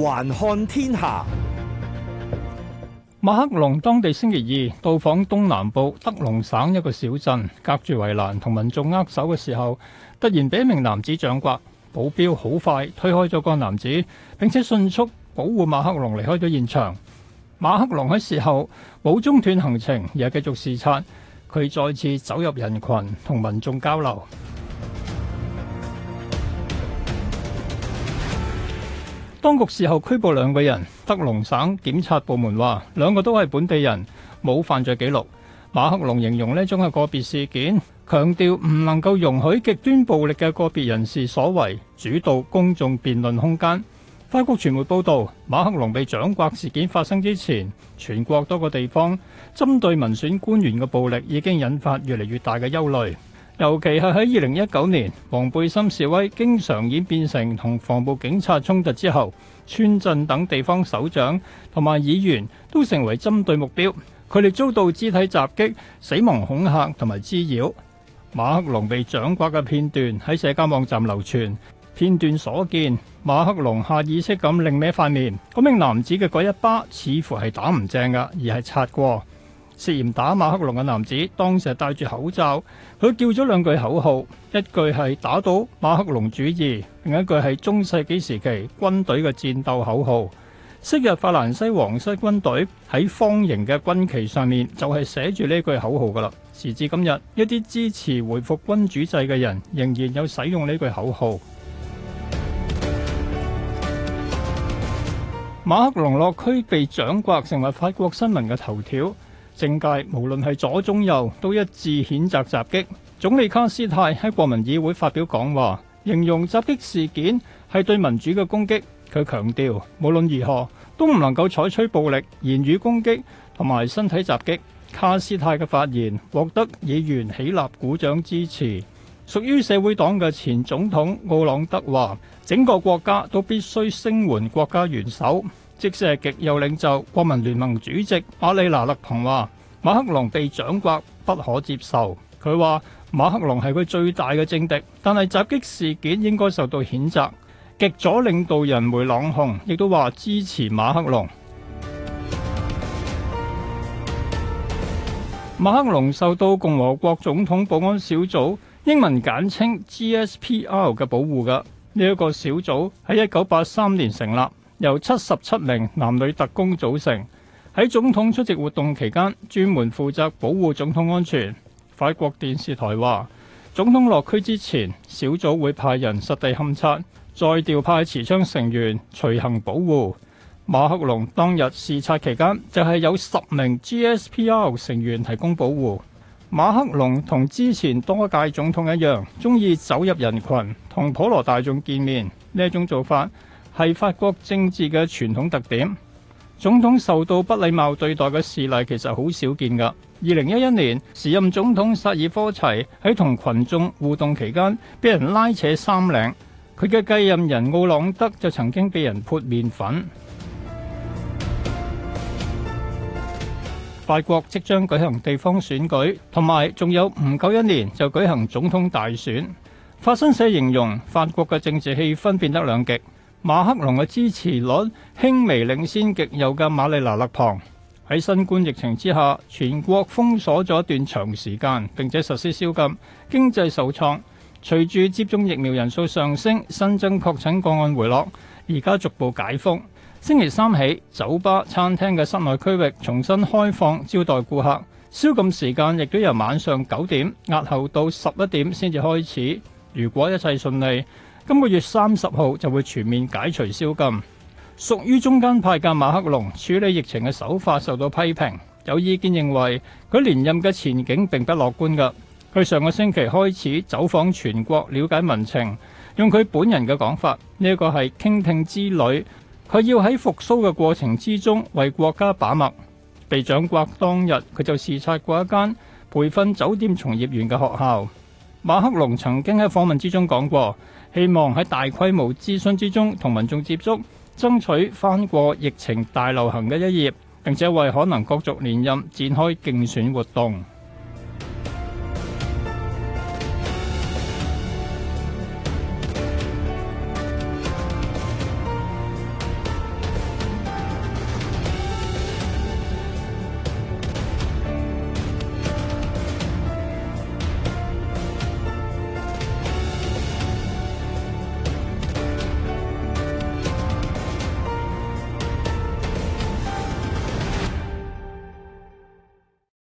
環看天下，馬克龍當地星期二到訪東南部德龍省一個小鎮，隔住圍欄同民眾握手嘅時候，突然俾一名男子掌摑，保鏢好快推開咗個男子，並且迅速保護馬克龍離開咗現場。馬克龍喺事後冇中斷行程，也繼續視察，佢再次走入人群同民眾交流。當局事後拘捕兩個人，德隆省檢察部門話兩個都係本地人，冇犯罪記錄。馬克龍形容呢種係個別事件，強調唔能夠容許極端暴力嘅個別人士所為主導公眾辯論空間。法國傳媒報道，馬克龍被掌摑事件發生之前，全國多個地方針對民選官員嘅暴力，已經引發越嚟越大嘅憂慮。尤其係喺二零一九年黃背心示威經常演變成同防暴警察衝突之後，村鎮等地方首長同埋議員都成為針對目標，佢哋遭到肢體襲擊、死亡恐嚇同埋滋擾。馬克龍被掌摑嘅片段喺社交網站流傳，片段所見馬克龍下意識咁擰歪塊面，嗰名男子嘅嗰一巴似乎係打唔正㗎，而係擦過。涉嫌打馬克龍嘅男子當時係戴住口罩，佢叫咗兩句口號，一句係打倒馬克龍主義，另一句係中世紀時期軍隊嘅戰鬥口號。昔日法蘭西皇室軍隊喺方形嘅軍旗上面就係寫住呢句口號噶啦。時至今日，一啲支持恢復君主制嘅人仍然有使用呢句口號。馬克龍落區被掌摑，成為法國新聞嘅頭條。政界無論係左中右都一致譴責襲擊。總理卡斯泰喺國民議會發表講話，形容襲擊事件係對民主嘅攻擊。佢強調，無論如何都唔能夠採取暴力、言語攻擊同埋身體襲擊。卡斯泰嘅發言獲得議員起立鼓掌支持。屬於社會黨嘅前總統奧朗德話：整個國家都必須聲援國家元首。即使係極右領袖，國民聯盟主席馬里拿勒蓬話馬克龍被掌摑不可接受。佢話馬克龍係佢最大嘅政敵，但係襲擊事件應該受到譴責。極左領導人梅朗雄亦都話支持馬克龍。馬克龍受到共和國總統保安小組（英文簡稱 GSPR） 嘅保護㗎。呢一個小組喺一九八三年成立。由七十七名男女特工組成，喺總統出席活動期間，專門負責保護總統安全。法國電視台話，總統落區之前，小組會派人實地勘察，再調派持槍成員隨行保護。馬克龍當日視察期間，就係有十名 GSPR 成員提供保護。馬克龍同之前多屆總統一樣，中意走入人群，同普羅大眾見面呢一種做法，係法國政治嘅傳統特點，總統受到不禮貌對待嘅事例其實好少見㗎。二零一一年，時任總統薩爾科齊喺同群眾互動期間，俾人拉扯衫領；佢嘅繼任人奧朗德就曾經俾人潑麵粉。法國即將舉行地方選舉，同埋仲有唔夠一年就舉行總統大選。法新社形容法國嘅政治氣氛變得兩極。馬克龍嘅支持率輕微領先極右嘅馬里娜勒龐。喺新冠疫情之下，全國封鎖咗一段長時間，並且實施宵禁，經濟受創。隨住接種疫苗人數上升，新增確診個案回落，而家逐步解封。星期三起，酒吧、餐廳嘅室內區域重新開放招待顧客。宵禁時間亦都由晚上九點押後到十一點先至開始。如果一切順利，今個月三十號就會全面解除宵禁。屬於中間派嘅馬克龍處理疫情嘅手法受到批評，有意見認為佢連任嘅前景並不樂觀嘅。佢上個星期開始走訪全國了解民情，用佢本人嘅講法，呢個係傾聽之旅。佢要喺復甦嘅過程之中為國家把脈。被掌摑當日佢就視察過一間培訓酒店從業員嘅學校。馬克龍曾經喺訪問之中講過，希望喺大規模諮詢之中同民眾接觸，爭取翻過疫情大流行嘅一頁，並且為可能角逐連任展開競選活動。